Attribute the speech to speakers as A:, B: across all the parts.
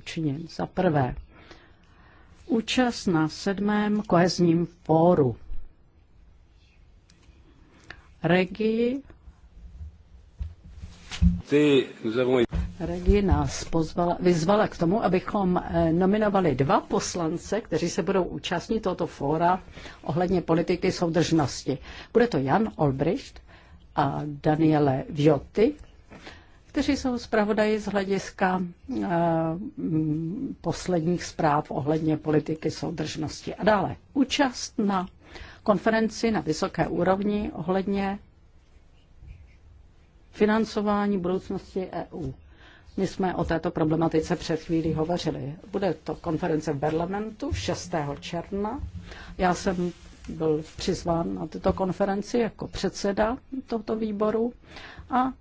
A: učinit. Za prvé, účast na sedmém kohezním fóru. Regi Regi nás pozvala, vyzvala k tomu, abychom eh, nominovali dva poslance, kteří se budou účastnit tohoto fóra ohledně politiky soudržnosti. Bude to Jan Olbricht a Daniele Vjoty kteří jsou zpravodaji z hlediska eh, posledních zpráv ohledně politiky soudržnosti. A dále účast na konferenci na vysoké úrovni ohledně financování budoucnosti EU. My jsme o této problematice před chvílí hovořili. Bude to konference v parlamentu 6. června. Já jsem byl přizván na tuto konferenci jako předseda tohoto výboru a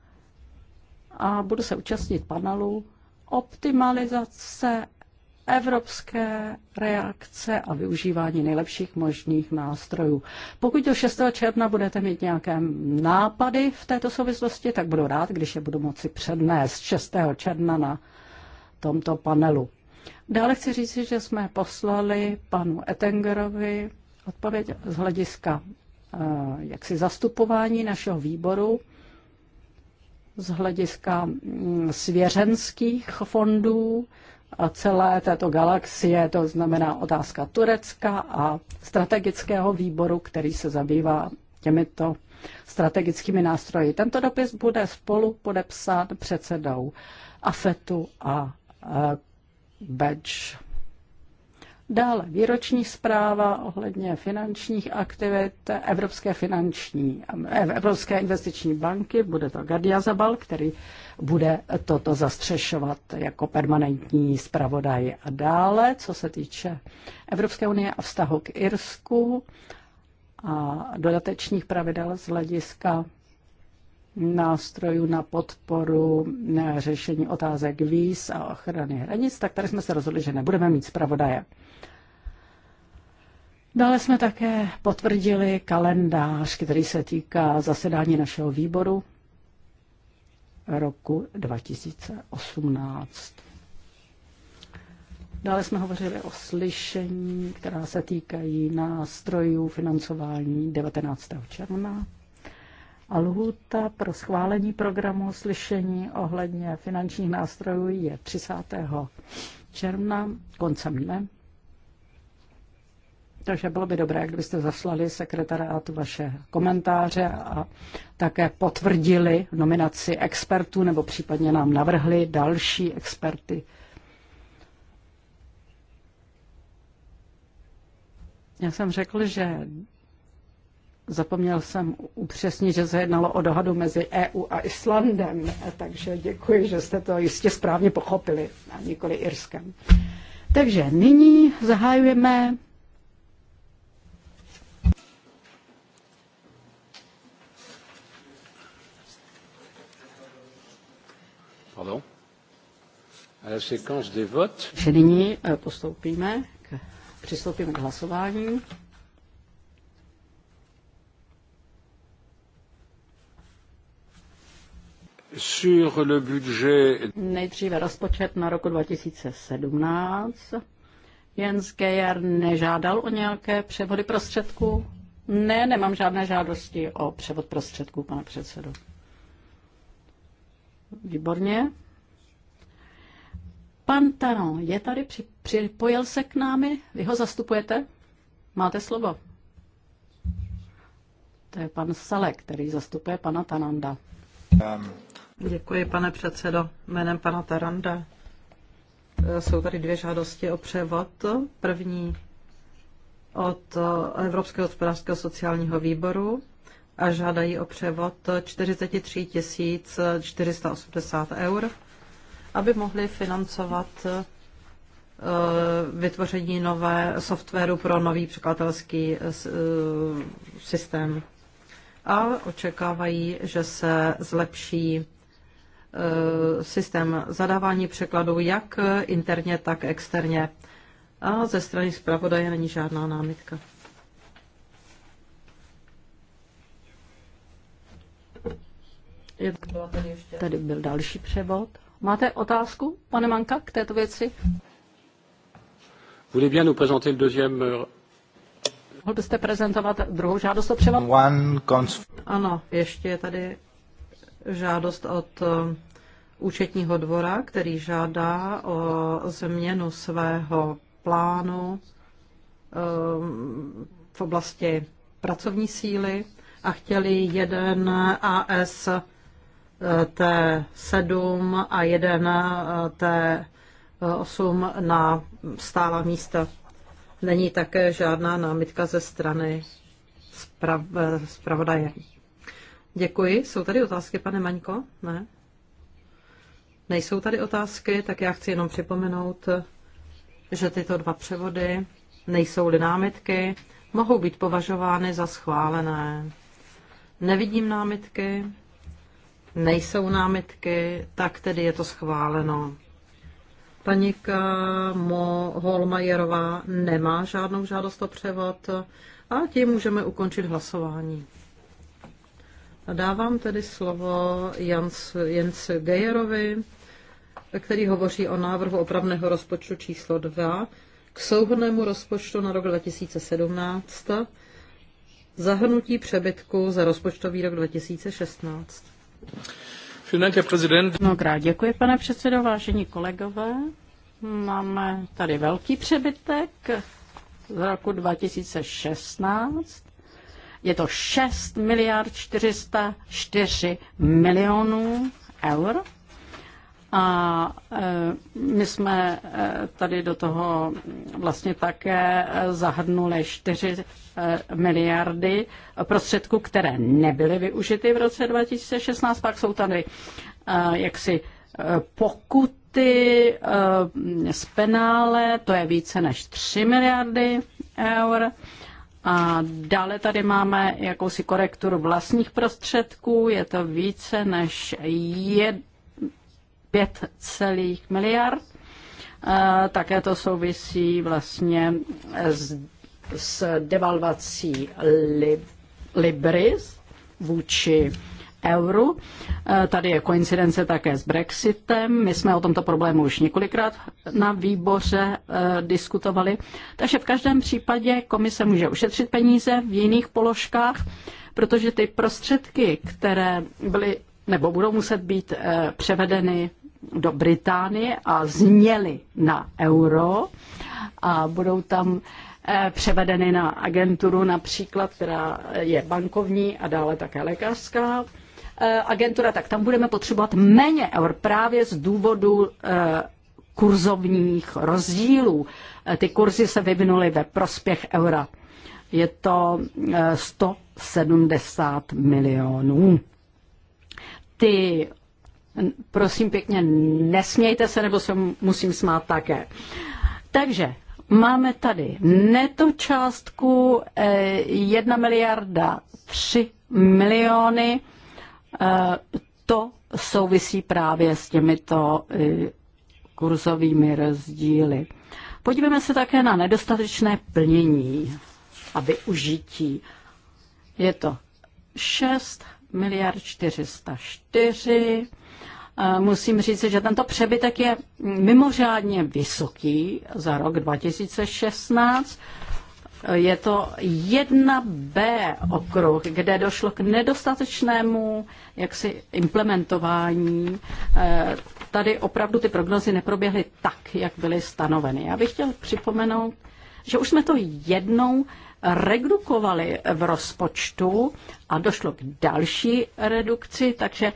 A: a budu se účastnit panelu optimalizace evropské reakce a využívání nejlepších možných nástrojů. Pokud do 6. června budete mít nějaké nápady v této souvislosti, tak budu rád, když je budu moci přednést 6. června na tomto panelu. Dále chci říct, že jsme poslali panu Ettingerovi odpověď z hlediska eh, jaksi zastupování našeho výboru z hlediska mm, svěřenských fondů a celé této galaxie, to znamená otázka Turecka a strategického výboru, který se zabývá těmito strategickými nástroji. Tento dopis bude spolu podepsán předsedou AFETu a eh, Badge. Dále výroční zpráva ohledně finančních aktivit Evropské finanční, eh, Evropské investiční banky, bude to Gadia Zabal, který bude toto zastřešovat jako permanentní zpravodaj. A dále, co se týče Evropské unie a vztahu k Irsku a dodatečních pravidel z hlediska nástrojů na podporu na eh, řešení otázek víz a ochrany hranic, tak tady jsme se rozhodli, že nebudeme mít zpravodaje. Dále jsme také potvrdili kalendář, který se týká zasedání našeho výboru roku 2018. Dále jsme hovořili o slyšení, která se týkají nástrojů financování 19. června. A lhůta pro schválení programu slyšení ohledně finančních nástrojů je 30. června koncem dne. Takže bylo by dobré, kdybyste zaslali sekretariátu vaše komentáře a také potvrdili nominaci expertů nebo případně nám navrhli další experty. Já jsem řekl, že zapomněl jsem upřesnit, že se jednalo o dohodu mezi EU a Islandem, takže děkuji, že jste to jistě správně pochopili a nikoli Irskem. Takže nyní zahájujeme
B: Takže Nyní
A: eh, postoupíme k, přistoupíme k hlasování. Sur le budget... Nejdříve rozpočet na roku 2017. Jens Geyer nežádal o nějaké převody prostředků? Ne, nemám žádné žádosti o převod prostředků, pane předsedo. Výborně. Pan Tano je tady, připojil se k námi, vy ho zastupujete? Máte slovo.
B: To je pan Salek, který zastupuje pana Tananda. Um. Děkuji, pane předsedo, jménem pana Taranda. E, jsou tady dvě žádosti o převod. První od e, Evropského hospodářského sociálního výboru a žádají o převod 43 480 eur, aby mohli financovat eh, vytvoření nové softwaru pro nový překladatelský eh, eh, systém. A očekávají, že se zlepší systém zadávání překladů jak interně, tak externě. A ze strany zpravodaje není žádná námitka. Tady
A: byl další převod. Máte otázku, pane Manka, k této věci? Voulez bien nous présenter le deuxième euh,
B: Mohl byste prezentovat druhou žádost o převod? Ano, ještě je tady žádost od eh, účetního dvora, který žádá o změnu svého plánu eh, v oblasti pracovní síly a chtěli jeden AS T7 a jeden T8 na stála místa. Není také žádná námitka ze strany eh, zpravodaje. Děkuji. Jsou tady otázky, pane Maňko? Ne? Nejsou tady otázky, tak já chci jenom připomenout, že tyto dva převody, nejsou-li námitky, mohou být považovány za schválené. Nevidím námitky, Nejsou námitky, tak tedy je to schváleno. Panika Mo Holmajerová nemá žádnou žádost o převod a tím můžeme ukončit hlasování. Dávám tedy slovo Jans, Jens Gejerovi, který hovoří o návrhu opravného rozpočtu číslo 2 k souhrnému rozpočtu na rok 2017 zahrnutí přebytku za rozpočtový rok 2016. Mnohokrát děkuji, pane předsedo, vážení kolegové. Máme tady velký
A: přebytek z roku 2016. Je to 6 miliard 404 milionů eur. A e, my jsme e, tady do toho vlastně také zahrnuli 4 e, miliardy prostředků, které nebyly využity v roce 2016. Pak jsou tady jaksi pokuty z penále, to je více než 3 miliardy eur. A dále tady máme jakousi korekturu vlastních prostředků, je to více než celých miliard. Také to souvisí vlastně s, s devalvací lib, Libris vůči euru. Tady je koincidence také s Brexitem. My jsme o tomto problému už několikrát na výboře e, diskutovali. Takže v každém případě komise může ušetřit peníze v jiných položkách, protože ty prostředky, které byly nebo budou muset být e, převedeny do Británie a zněly na euro a budou tam eh, převedeny na agenturu například, která je bankovní a dále také lékařská eh, agentura, tak tam budeme potřebovat méně eur právě z důvodu eh, kurzovních rozdílů. Ty kurzy se vyvinuly ve prospěch eura. Je to 170 milionů. Ty Prosím pěkně, nesmějte se, nebo se musím smát také. Takže máme tady neto částku eh, 1 miliarda 3 miliony. Eh, To souvisí právě s těmito eh, kurzovými rozdíly. Podívejme se také na nedostatečné plnění a využití. Je to 6 miliard 404 musím říct, že tento přebytek je mimořádně vysoký za rok 2016. Je to 1B okruh, kde došlo k nedostatečnému jaksi implementování. Eh, tady opravdu ty prognozy neproběhly tak, jak byly stanoveny. Já bych chtěl připomenout, že už jsme to jednou redukovali v rozpočtu a došlo k další redukci, takže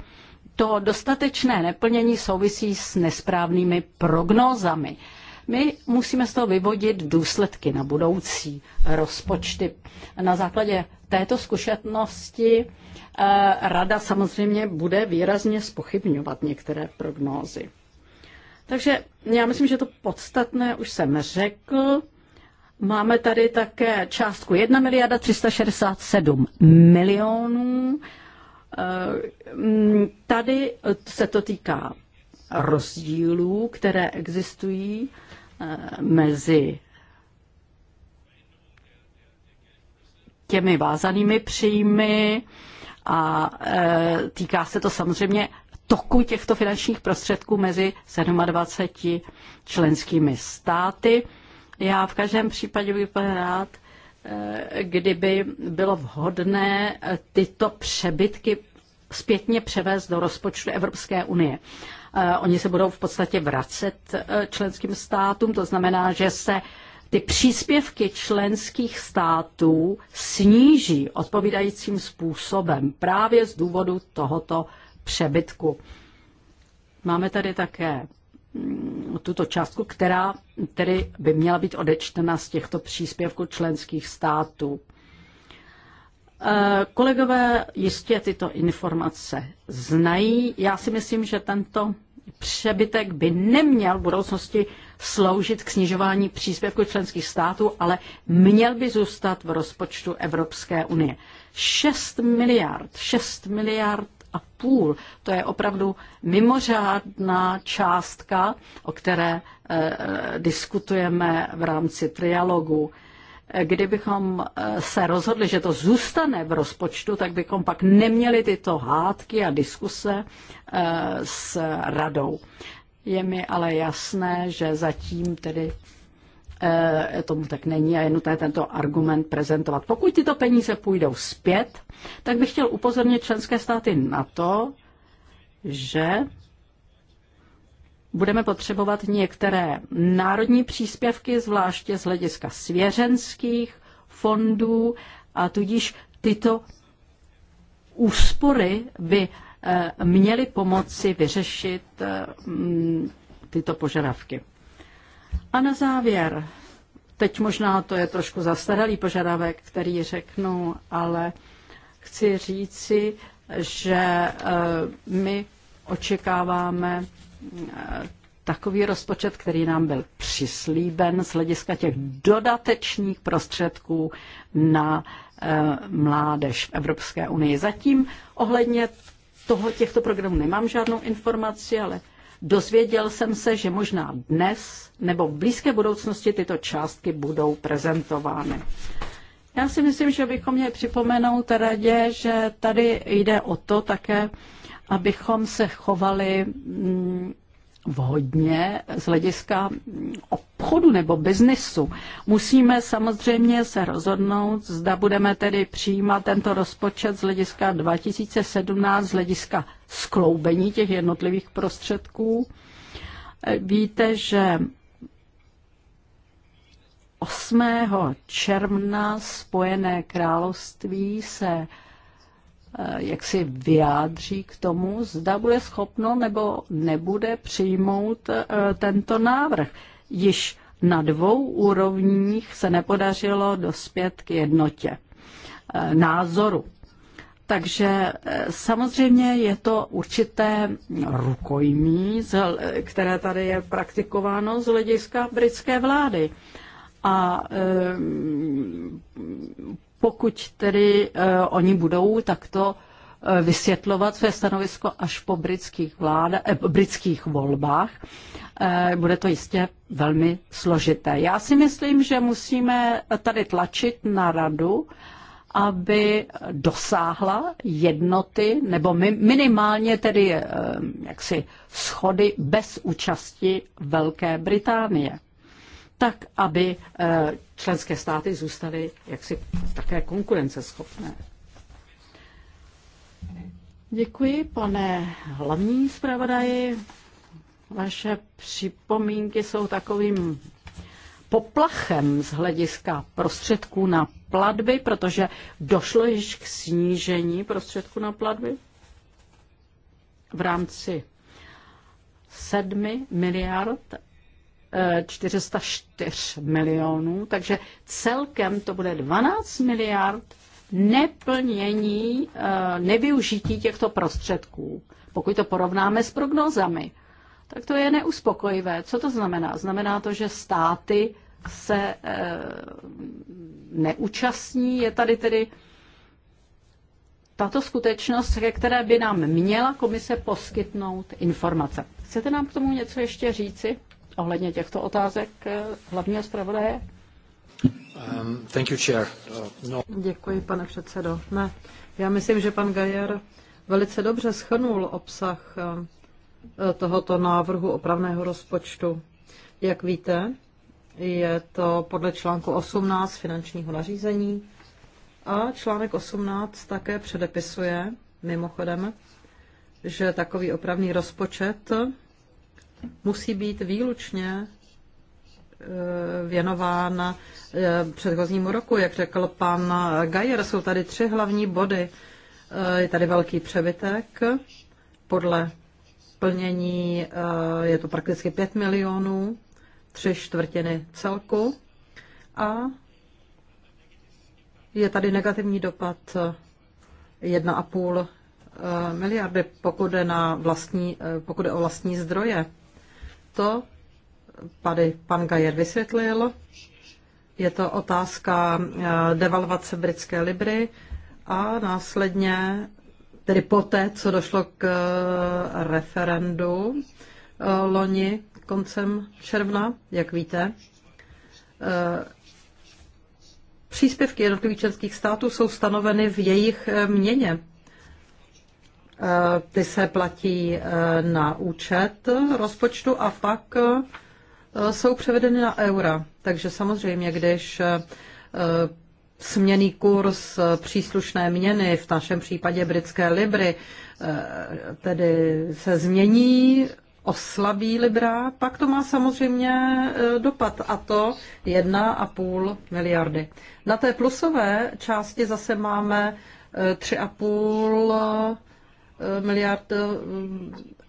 A: to dostatečné neplnění souvisí s nesprávnými prognózami. My musíme z toho vyvodit důsledky na budoucí rozpočty. Na základě této zkušenosti eh, rada samozřejmě bude výrazně spochybňovat některé prognózy. Takže já myslím, že to podstatné už jsem řekl. Máme tady také částku 1 miliarda 367 milionů Eh, mm, tady se to týká rozdílů, které existují eh, mezi těmi vázanými příjmy a eh, týká se to samozřejmě toku těchto finančních prostředků mezi 27 členskými státy. Já v každém případě bych byl rád, kdyby bylo vhodné tyto přebytky zpětně převést do rozpočtu Evropské unie. Eh, oni se budou v podstatě vracet eh, členským státům, to znamená, že se ty příspěvky členských států sníží odpovídajícím způsobem právě z důvodu tohoto přebytku. Máme tady také mm, tuto částku, která tedy by měla být odečtena z těchto příspěvků členských států. Eh, kolegové jistě tyto informace znají. Já si myslím, že tento přebytek by neměl v budoucnosti sloužit k snižování příspěvku členských států, ale měl by zůstat v rozpočtu Evropské unie. 6 miliard, 6 miliard a půl. To je opravdu mimořádná částka, o které eh, diskutujeme v rámci trialogu. Eh, kdybychom eh, se rozhodli, že to zůstane v rozpočtu, tak bychom pak neměli tyto hádky a diskuse s radou. Je mi ale jasné, že zatím tedy Eh, tomu tak není a je nutné tento argument prezentovat. Pokud tyto peníze půjdou zpět, tak bych chtěl upozornit členské státy na to, že budeme potřebovat některé národní příspěvky, zvláště z hlediska svěřenských fondů a tudíž tyto úspory by eh, měly pomoci vyřešit eh, tyto požadavky. A na závěr, teď možná to je trošku zastaralý požadavek, který řeknu, ale chci říci, že eh, my očekáváme eh, takový rozpočet, který nám byl přislíben z hlediska těch dodatečných prostředků na eh, mládež v Evropské unii. Zatím ohledně toho těchto programů nemám žádnou informaci, ale Dozvěděl jsem se, že možná dnes nebo v blízké budoucnosti tyto částky budou prezentovány. Já si myslím, že bychom měli připomenout radě, že tady jde o to také, abychom se chovali mm, vhodně z hlediska obchodu nebo biznisu. Musíme samozřejmě se rozhodnout, zda budeme tedy přijímat tento rozpočet z hlediska 2017, z hlediska skloubení těch jednotlivých prostředků. Víte, že 8. června Spojené království se Eh, jak si vyjádří k tomu, zda bude schopno nebo nebude přijmout eh, tento návrh. Již na dvou úrovních se nepodařilo dospět k jednotě eh, názoru. Takže samozřejmě je to určité rukojmí, které tady je praktikováno z hlediska britské vlády. A pokud tedy eh, oni budou takto eh, vysvětlovat své stanovisko až po britských, vláda, eh, britských volbách. Eh, bude to jistě velmi složité. Já si myslím, že musíme tady tlačit na radu, aby dosáhla jednoty nebo minimálně tedy eh, jaksi schody bez účasti Velké Británie tak aby eh, členské státy zůstaly jaksi také konkurenceschopné. Děkuji, pane hlavní zpravodaji. Vaše připomínky jsou takovým poplachem z hlediska prostředků na platby, protože došlo již k snížení prostředků na platby v rámci 7 miliard 404 milionů, takže celkem to bude 12 miliard neplnění, eh, nevyužití těchto prostředků, pokud to porovnáme s prognozami. Tak to je neuspokojivé. Co to znamená? Znamená to, že státy se eh, neúčastní. Je tady tedy tato skutečnost, ke které by nám měla komise poskytnout informace. Chcete nám k tomu něco ještě říci? ohledně těchto otázek eh, hlavního zpravodaje?
B: Um, thank you, chair. Uh, no. Děkuji, pane předsedo. Ne, já myslím, že pan Gajer velice dobře schrnul obsah eh, tohoto návrhu opravného rozpočtu. Jak víte, je to podle článku 18 finančního nařízení a článek 18 také předepisuje, mimochodem, že takový opravný rozpočet musí být výlučně e, věnován e, předchozímu roku. Jak řekl pan Gajer, jsou tady tři hlavní body. E, je tady velký přebytek podle plnění je to prakticky 5 milionů, tři čtvrtiny celku. A je tady negativní dopad 1,5 miliardy, pokud je, na vlastní, pokud je o vlastní zdroje to tady pan Gajer vysvětlil. Je to otázka eh, devalvace britské libry a následně, tedy poté, co došlo k eh, referendu eh, loni koncem června, jak víte, příspěvky jednotlivých členských států jsou stanoveny v jejich měně. Eh, ty se platí eh, na účet rozpočtu a pak eh, jsou převedeny na eura. Takže samozřejmě, když směný kurz příslušné měny, v našem případě britské libry, tedy se změní, oslabí libra, pak to má samozřejmě dopad a to 1,5 miliardy. Na té plusové části zase máme 3,5 miliard eh,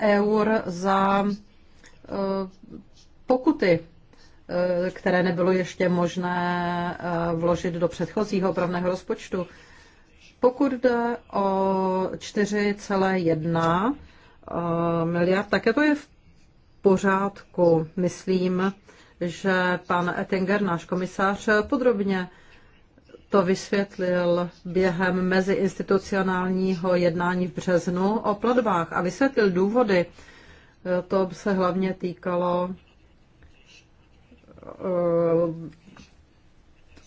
B: eur za eh, pokuty, eh, které nebylo ještě možné vložit do předchozího opravného rozpočtu. Pokud jde o 4,1 miliard, také to je v pořádku. Myslím, že pan Ettinger, náš komisář, podrobně to vysvětlil během meziinstitucionálního jednání v březnu o platbách a vysvětlil důvody. To se hlavně týkalo eh,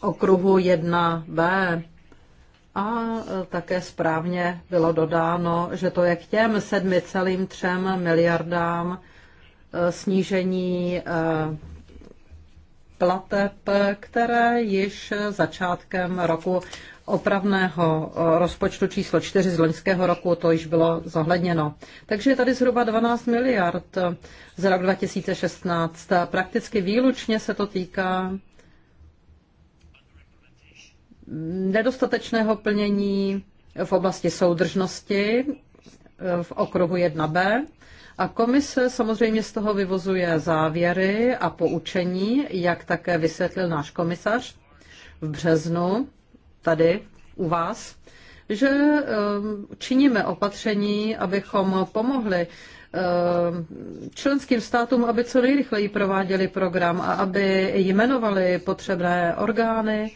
B: okruhu 1b. A také správně bylo dodáno, že to je k těm 7,3 miliardám eh, snížení eh, plateb, které již začátkem roku opravného eh, rozpočtu číslo 4 z loňského roku, to již bylo zohledněno. Takže je tady zhruba 12 miliard eh, za rok 2016. Prakticky výlučně se to týká nedostatečného plnění v oblasti soudržnosti eh, v okruhu 1b a komise samozřejmě z toho vyvozuje závěry a poučení, jak také vysvětlil náš komisař v březnu tady u vás, že ehm, činíme opatření, abychom pomohli ehm, členským státům, aby co nejrychleji prováděli program a aby jmenovali potřebné orgány,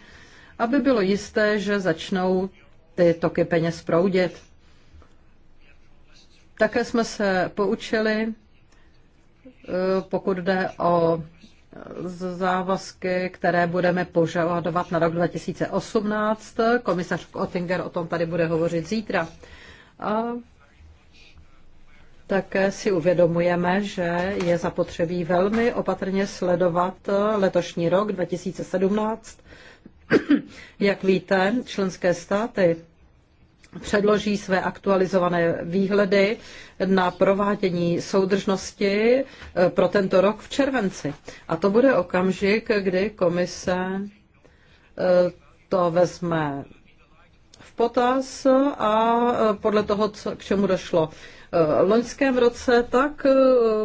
B: aby bylo jisté, že začnou ty toky peněz proudit. Také jsme se poučili, eh, pokud jde o závazky, které budeme požadovat na rok 2018. Komisař Ottinger o tom tady bude hovořit zítra. A také si uvědomujeme, že je zapotřebí velmi opatrně sledovat letošní rok 2017. Jak víte, členské státy předloží své aktualizované výhledy na provádění soudržnosti eh, pro tento rok v červenci. A to bude okamžik, kdy komise eh, to vezme v potaz a eh, podle toho, co, k čemu došlo loňském roce, tak e,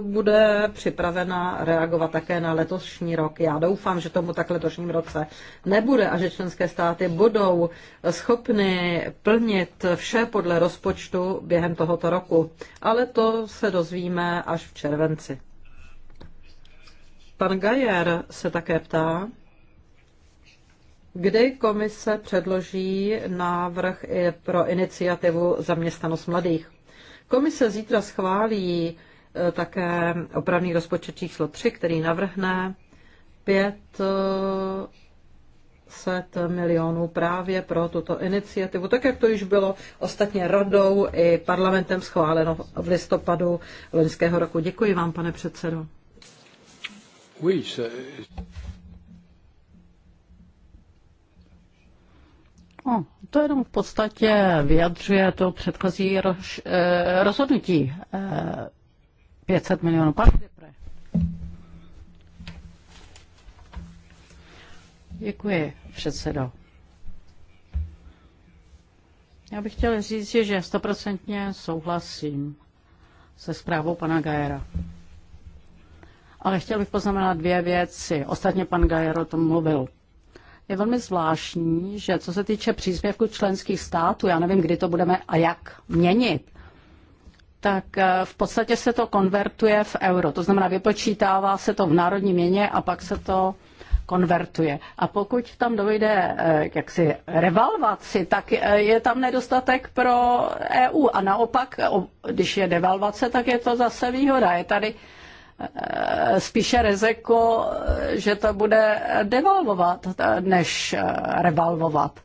B: bude připravena reagovat také na letošní rok. Já doufám, že tomu tak letošním roce nebude a že členské státy budou schopny plnit vše podle rozpočtu během tohoto roku. Ale to se dozvíme až v červenci. Pan Gajer se také ptá, kdy komise předloží návrh pro iniciativu zaměstnanost mladých. Komise zítra schválí e, také opravný rozpočet číslo 3, který navrhne 500 e, milionů právě pro tuto iniciativu, tak jak to již bylo ostatně radou i parlamentem schváleno v listopadu loňského roku. Děkuji vám, pane předsedo. No, to jenom v podstatě
A: vyjadřuje to předchozí roz, eh, rozhodnutí eh, 500 milionů. Pan Děkuji, předsedo. Já bych chtěl říct, že stoprocentně souhlasím se zprávou pana Gajera. Ale chtěl bych poznamenat dvě věci. Ostatně pan Gajer o tom mluvil je velmi zvláštní, že co se týče příspěvku členských států, já nevím, kdy to budeme a jak měnit, tak eh, v podstatě se to konvertuje v euro. To znamená, vypočítává se to v národní měně a pak se to konvertuje. A pokud tam dojde eh, k jaksi revalvaci, tak eh, je tam nedostatek pro EU. A naopak, když je devalvace, tak je to zase výhoda. Je tady Eh, spíše riziko, že to bude devalvovat, než eh, revalvovat.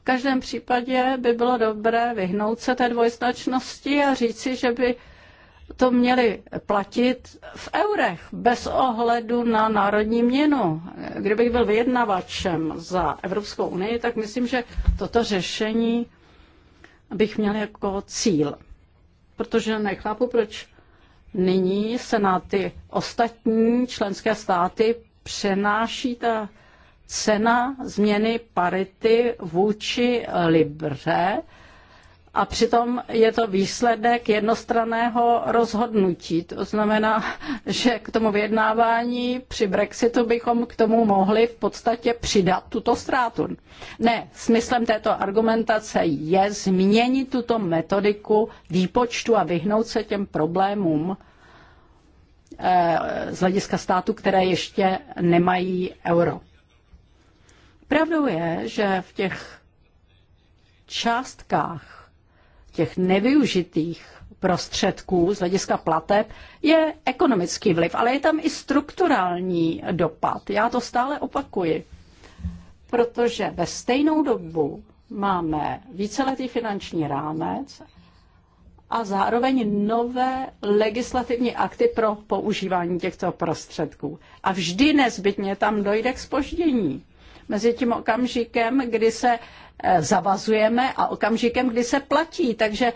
A: V každém případě by bylo dobré vyhnout se té dvojznačnosti a říci, že by to měli platit v eurech bez ohledu na národní měnu. Kdybych byl vyjednavačem za Evropskou unii, tak myslím, že toto řešení bych měl jako cíl. Protože nechápu, proč nyní se na ty ostatní členské státy přenáší ta cena změny parity vůči Libře, a přitom je to výsledek jednostraného rozhodnutí. To znamená, že k tomu vyjednávání při Brexitu bychom k tomu mohli v podstatě přidat tuto ztrátu. Ne, smyslem této argumentace je změnit tuto metodiku výpočtu a vyhnout se těm problémům eh, z hlediska států, které ještě nemají euro. Pravdou je, že v těch částkách těch nevyužitých prostředků z hlediska plateb je ekonomický vliv, ale je tam i strukturální dopad. Já to stále opakuji, protože ve stejnou dobu máme víceletý finanční rámec a zároveň nové legislativní akty pro používání těchto prostředků. A vždy nezbytně tam dojde k spoždění mezi tím okamžikem, kdy se Eh, zavazujeme a okamžikem, kdy se platí. Takže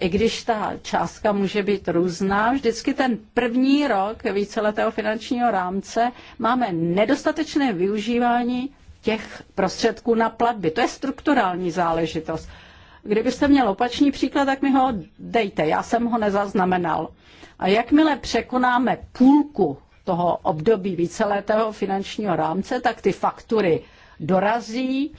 A: i když ta částka může být různá, vždycky ten první rok víceletého finančního rámce máme nedostatečné využívání těch prostředků na platby. To je strukturální záležitost. Kdybyste měl opačný příklad, tak mi ho dejte, já jsem ho nezaznamenal. A jakmile překonáme půlku toho období víceletého finančního rámce, tak ty faktury dorazí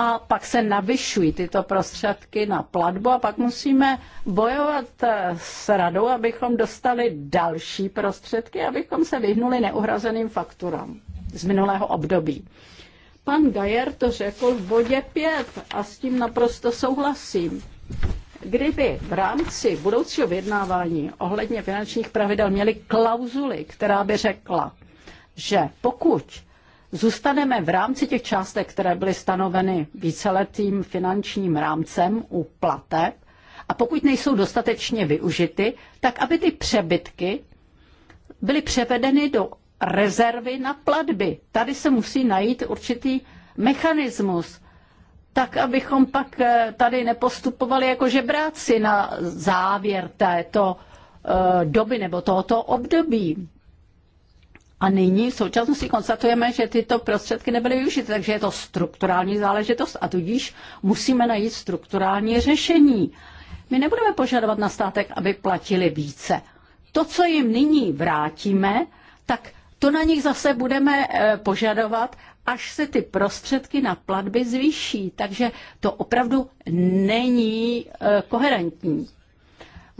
A: a pak se navyšují tyto prostředky na platbu a pak musíme bojovat eh, s radou, abychom dostali další prostředky, abychom se vyhnuli neuhrazeným fakturám z minulého období. Pan Gajer to řekl v bodě 5 a s tím naprosto souhlasím. Kdyby v rámci budoucího vyjednávání ohledně finančních pravidel měli klauzuly, která by řekla, že pokud Zůstaneme v rámci těch částek, které byly stanoveny víceletým finančním rámcem u plateb a pokud nejsou dostatečně využity, tak aby ty přebytky byly převedeny do rezervy na platby. Tady se musí najít určitý mechanismus, tak abychom pak eh, tady nepostupovali jako žebráci na závěr této eh, doby nebo tohoto období. A nyní v současnosti konstatujeme, že tyto prostředky nebyly využity, takže je to strukturální záležitost a tudíž musíme najít strukturální řešení. My nebudeme požadovat na státek, aby platili více. To, co jim nyní vrátíme, tak to na nich zase budeme eh, požadovat, až se ty prostředky na platby zvýší. Takže to opravdu není eh, koherentní.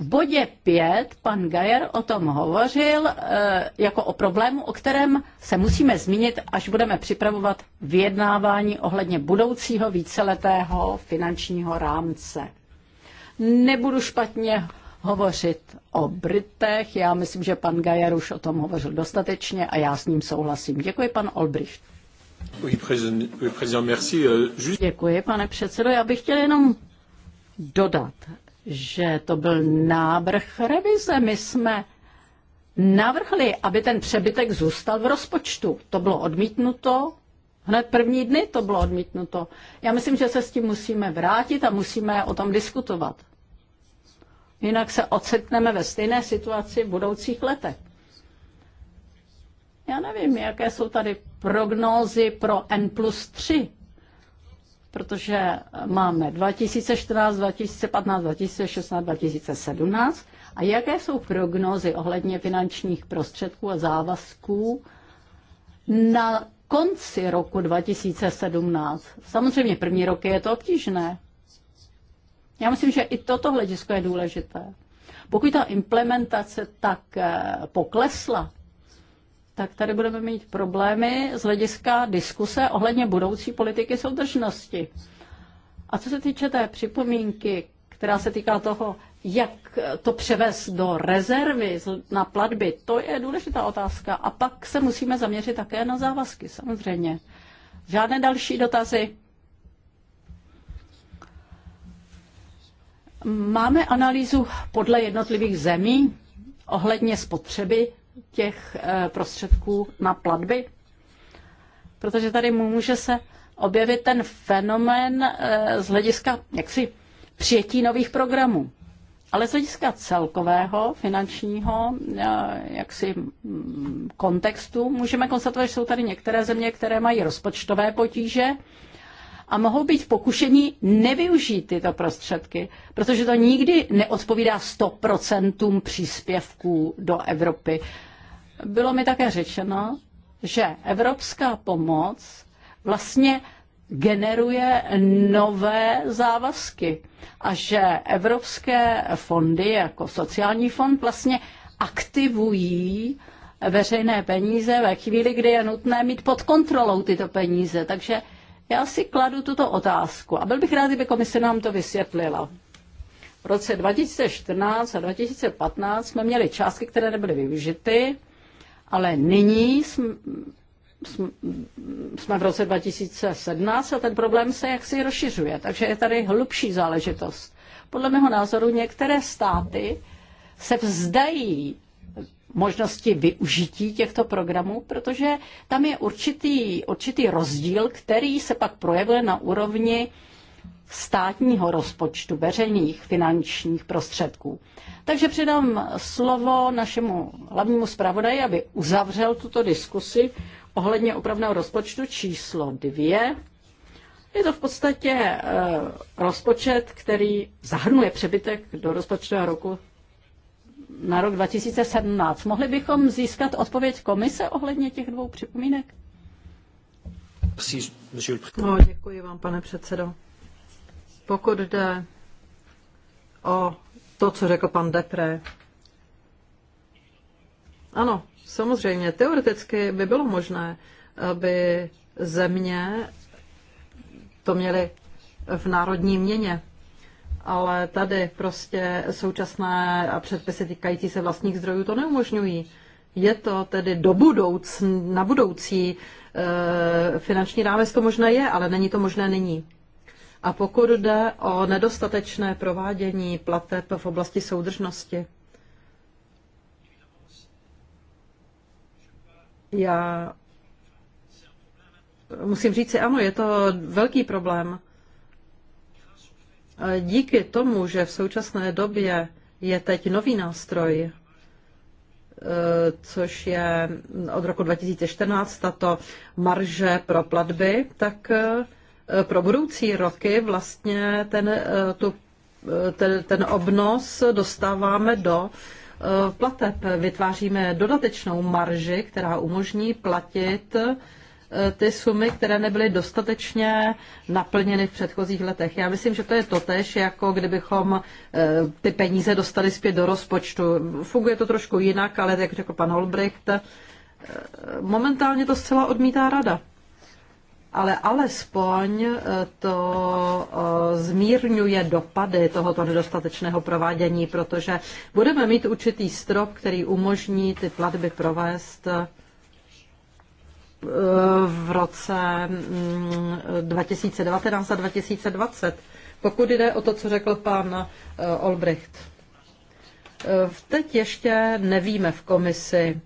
A: V bodě 5 pan Gajer o tom hovořil eh, jako o problému, o kterém se musíme zmínit, až budeme připravovat vyjednávání ohledně budoucího víceletého finančního rámce. Nebudu špatně hovořit o Britech, já myslím, že pan Gajer už o tom hovořil dostatečně a já s ním souhlasím. Děkuji, pan Olbricht. Euh, Děkuji, pane předsedo. Já bych chtěl jenom dodat, že to byl návrh revize. My jsme navrhli, aby ten přebytek zůstal v rozpočtu. To bylo odmítnuto, hned první dny to bylo odmítnuto. Já myslím, že se s tím musíme vrátit a musíme o tom diskutovat. Jinak se ocitneme ve stejné situaci v budoucích letech. Já nevím, jaké jsou tady prognózy pro N plus 3 protože máme 2014, 2015, 2016, 2017 a jaké jsou prognózy ohledně finančních prostředků a závazků na konci roku 2017. Samozřejmě první roky je to obtížné. Já myslím, že i toto hledisko je důležité. Pokud ta implementace tak eh, poklesla, tak tady budeme mít problémy z hlediska diskuse ohledně budoucí politiky soudržnosti. A co se týče té připomínky, která se týká toho, jak to převést do rezervy na platby, to je důležitá otázka. A pak se musíme zaměřit také na závazky, samozřejmě. Žádné další dotazy? Máme analýzu podle jednotlivých zemí ohledně spotřeby těch eh, prostředků na platby? Protože tady může se objevit ten fenomén eh, z hlediska jaksi přijetí nových programů. Ale z hlediska celkového finančního eh, jaksi, mm, kontextu můžeme konstatovat, že jsou tady některé země, které mají rozpočtové potíže a mohou být v pokušení nevyužít tyto prostředky, protože to nikdy neodpovídá 100% příspěvků do Evropy. Bylo mi také řečeno, že evropská pomoc vlastně generuje nové závazky a že evropské fondy jako sociální fond vlastně aktivují veřejné peníze ve chvíli, kdy je nutné mít pod kontrolou tyto peníze. Takže já si kladu tuto otázku a byl bych rád, kdyby komise nám to vysvětlila. V roce 2014 a 2015 jsme měli částky, které nebyly využity ale nyní jsme, jsme v roce 2017 a ten problém se jaksi rozšiřuje, takže je tady hlubší záležitost. Podle mého názoru některé státy se vzdají možnosti využití těchto programů, protože tam je určitý, určitý rozdíl, který se pak projevuje na úrovni státního rozpočtu, veřejných finančních prostředků. Takže přidám slovo našemu hlavnímu zpravodaji, aby uzavřel tuto diskusi ohledně opravného rozpočtu číslo dvě. Je to v podstatě eh, rozpočet, který zahrnuje přebytek do rozpočtového roku na rok 2017.
B: Mohli bychom získat odpověď komise ohledně těch dvou připomínek? No, děkuji vám, pane předsedo. Pokud jde o to, co řekl pan Depré. Ano, samozřejmě, teoreticky by bylo možné, aby země to měly v národní měně. Ale tady prostě současné předpisy týkající se vlastních zdrojů to neumožňují. Je to tedy do budouc, na budoucí e, finanční rámec to možné je, ale není to možné nyní. A pokud jde o nedostatečné provádění plateb v oblasti soudržnosti, já musím říct si, ano, je to velký problém. Díky tomu, že v současné době je teď nový nástroj, eh, což je od roku 2014 tato marže pro platby, tak eh, pro budoucí roky vlastně ten, eh, tu, eh, ten, ten obnos dostáváme do eh, plateb. Vytváříme dodatečnou marži, která umožní platit ty sumy, které nebyly dostatečně naplněny v předchozích letech. Já myslím, že to je totež, jako kdybychom ty peníze dostali zpět do rozpočtu. Funguje to trošku jinak, ale jak řekl pan Olbricht, momentálně to zcela odmítá rada ale alespoň eh, to eh, zmírňuje dopady tohoto nedostatečného provádění, protože budeme mít určitý strop, který umožní ty platby provést eh, v roce 2019 mm, a 2020. Pokud jde o to, co řekl pan Olbricht. Teď ještě nevíme v komisi,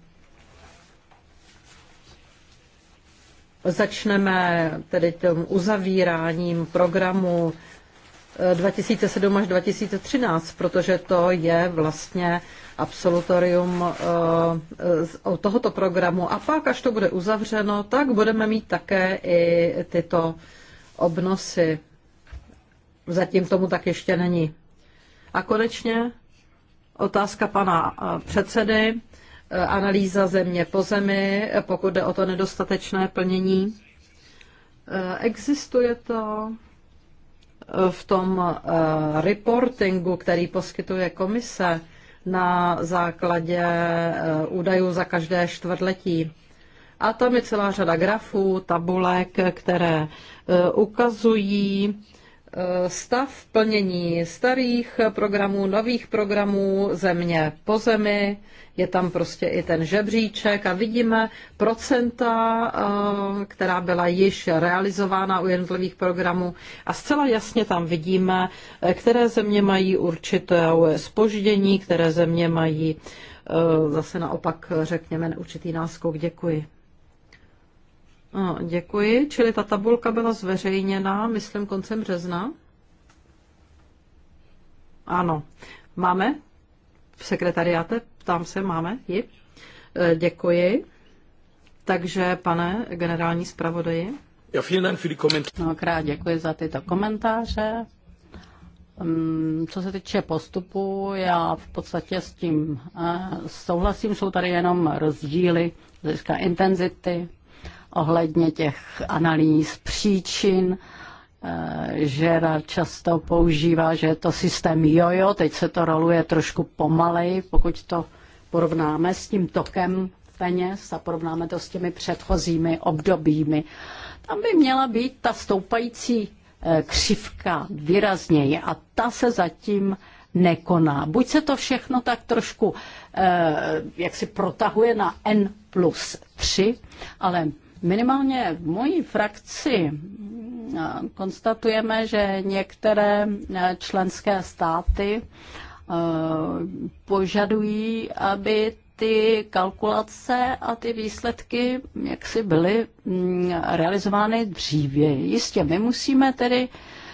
B: Začneme tedy tím uzavíráním programu 2007 eh, až 2013, protože to je vlastně absolutorium eh, tohoto programu. A pak, až to bude uzavřeno, tak budeme mít také i tyto obnosy. Zatím tomu tak ještě není. A konečně otázka pana eh, předsedy. Eh, analýza země po zemi, pokud jde o to nedostatečné plnění. Eh, existuje to eh, v tom reportingu, který poskytuje komise na základě údajů za každé čtvrtletí. A tam je celá řada grafů, tabulek, které ukazují Eh, stav plnění starých programů, nových programů, země po zemi, je tam prostě i ten žebříček a vidíme procenta, eh, která byla již realizována u jednotlivých programů a zcela jasně tam vidíme, eh, které země mají určité spoždění, které země mají zase naopak, řekněme, určitý náskok. Děkuji. No, děkuji. Čili ta tabulka byla zveřejněna, myslím, koncem března. Ano. Máme? V sekretariáte? Ptám se, máme? Ji? E, děkuji. Takže, pane generální zpravodaji. Ja, vielen Dank für die děkuji za tyto komentáře. Mm,
A: co se týče postupu, já v podstatě s tím e, souhlasím. Jsou tady jenom rozdíly z intenzity ohledně těch analýz příčin. Eh, Žera často používá, že je to systém jojo, teď se to roluje trošku pomalej, pokud to porovnáme s tím tokem peněz a porovnáme to s těmi předchozími obdobími. Tam by měla být ta stoupající eh, křivka výrazněji a ta se zatím nekoná. Buď se to všechno tak trošku eh, jak si protahuje na N plus 3, ale Minimálně v mojí frakci eh, konstatujeme, že některé eh, členské státy eh, požadují, aby ty kalkulace a ty výsledky jaksi byly mm, realizovány dříve. Jistě, my musíme tedy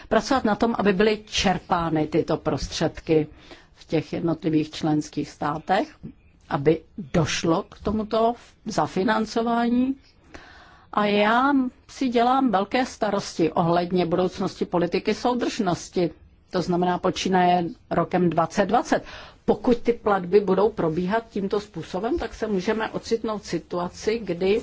A: pracovat na tom, aby byly čerpány tyto prostředky v těch jednotlivých členských státech, aby došlo k tomuto zafinancování a já si dělám velké starosti ohledně budoucnosti politiky soudržnosti. To znamená, počínaje rokem 2020. Pokud ty platby budou probíhat tímto způsobem, tak se můžeme ocitnout v situaci, kdy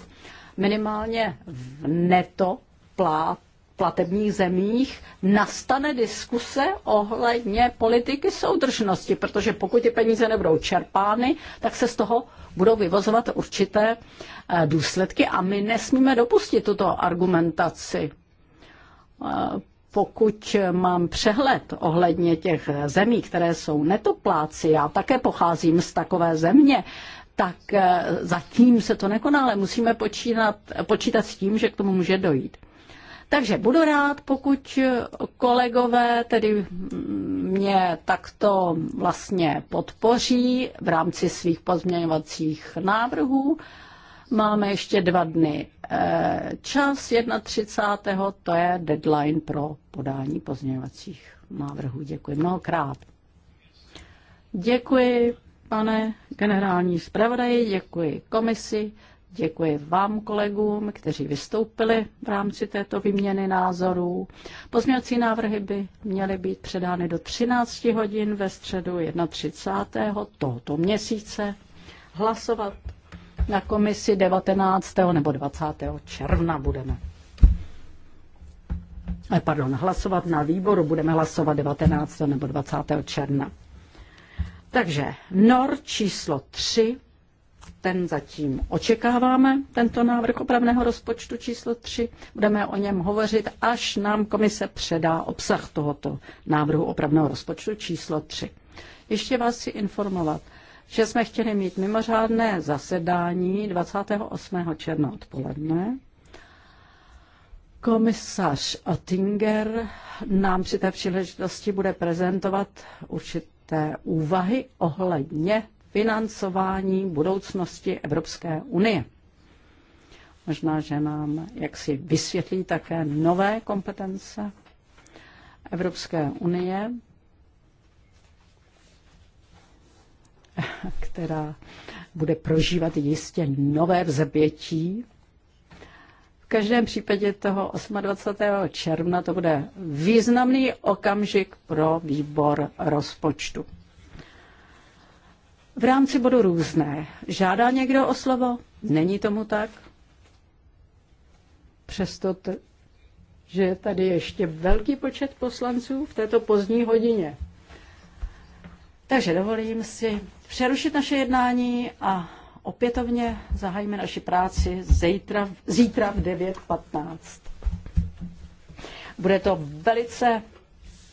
A: minimálně v neto plát, platebních zemích nastane diskuse ohledně politiky soudržnosti, protože pokud ty peníze nebudou čerpány, tak se z toho budou vyvozovat určité eh, důsledky a my nesmíme dopustit tuto argumentaci. Eh, pokud mám přehled ohledně těch zemí, které jsou netopláci, já také pocházím z takové země, tak eh, zatím se to nekoná, ale musíme počínat, počítat s tím, že k tomu může dojít. Takže budu rád, pokud kolegové tedy mě takto vlastně podpoří v rámci svých pozměňovacích návrhů. Máme ještě dva dny eh, čas, 31. to je deadline pro podání pozměňovacích návrhů. Děkuji mnohokrát. Děkuji, pane generální zpravodaji, děkuji komisi Děkuji vám kolegům, kteří vystoupili v rámci této výměny názorů. Pozměňovací návrhy by měly být předány do 13 hodin ve středu 31. tohoto měsíce. Hlasovat na komisi 19. nebo 20. června budeme. Eh, pardon, hlasovat na výboru budeme hlasovat 19. nebo 20. června. Takže NOR číslo 3 ten zatím očekáváme, tento návrh opravného rozpočtu číslo 3. Budeme o něm hovořit, až nám komise předá obsah tohoto návrhu opravného rozpočtu číslo 3. Ještě vás chci informovat, že jsme chtěli mít mimořádné zasedání 28. června odpoledne. Komisař Oettinger nám při té příležitosti bude prezentovat určité úvahy ohledně financování budoucnosti Evropské unie. Možná, že nám jaksi vysvětlí také nové kompetence Evropské unie, která bude prožívat jistě nové vzepětí. V každém případě toho 28. června to bude významný okamžik pro výbor rozpočtu. V rámci bodu různé. Žádá někdo o slovo? Není tomu tak? Přesto, t- že je tady ještě velký počet poslanců v této pozdní hodině. Takže dovolím si přerušit naše jednání a opětovně zahájíme naši práci zítra, zítra v 9.15. Bude to velice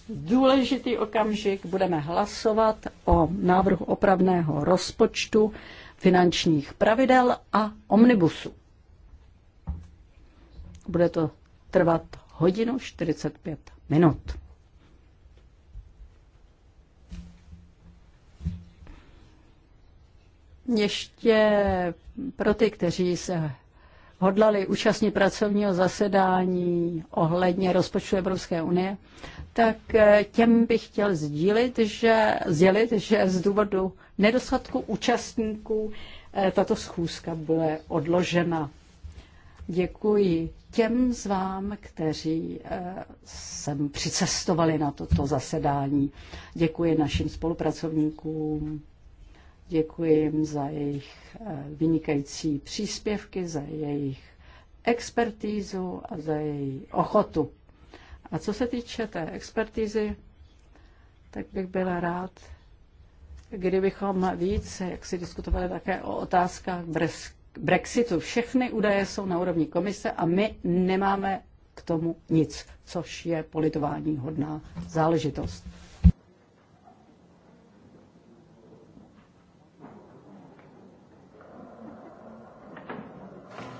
A: důležitý okamžik. Budeme hlasovat o návrhu opravného rozpočtu finančních
B: pravidel a
A: omnibusu. Bude to trvat hodinu 45 minut.
B: Ještě
A: pro ty, kteří se hodlali účastnit pracovního zasedání ohledně rozpočtu Evropské unie, tak eh, těm bych chtěl sdílit, že, sdělit, že z důvodu nedostatku účastníků eh, tato schůzka bude odložena. Děkuji těm z vám, kteří eh, sem přicestovali na toto zasedání. Děkuji našim spolupracovníkům Děkuji jim za jejich eh, vynikající příspěvky, za jejich expertízu a za její ochotu. A co se týče té expertízy, tak bych byla rád, kdybychom víc, jak si diskutovali také o otázkách Brexitu. Všechny údaje jsou na úrovni komise a my nemáme k tomu nic, což je politování hodná záležitost.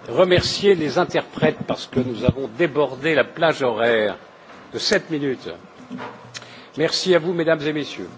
B: remercier les interprètes parce que nous avons
A: débordé la plage horaire de sept minutes. merci à vous mesdames et
B: messieurs.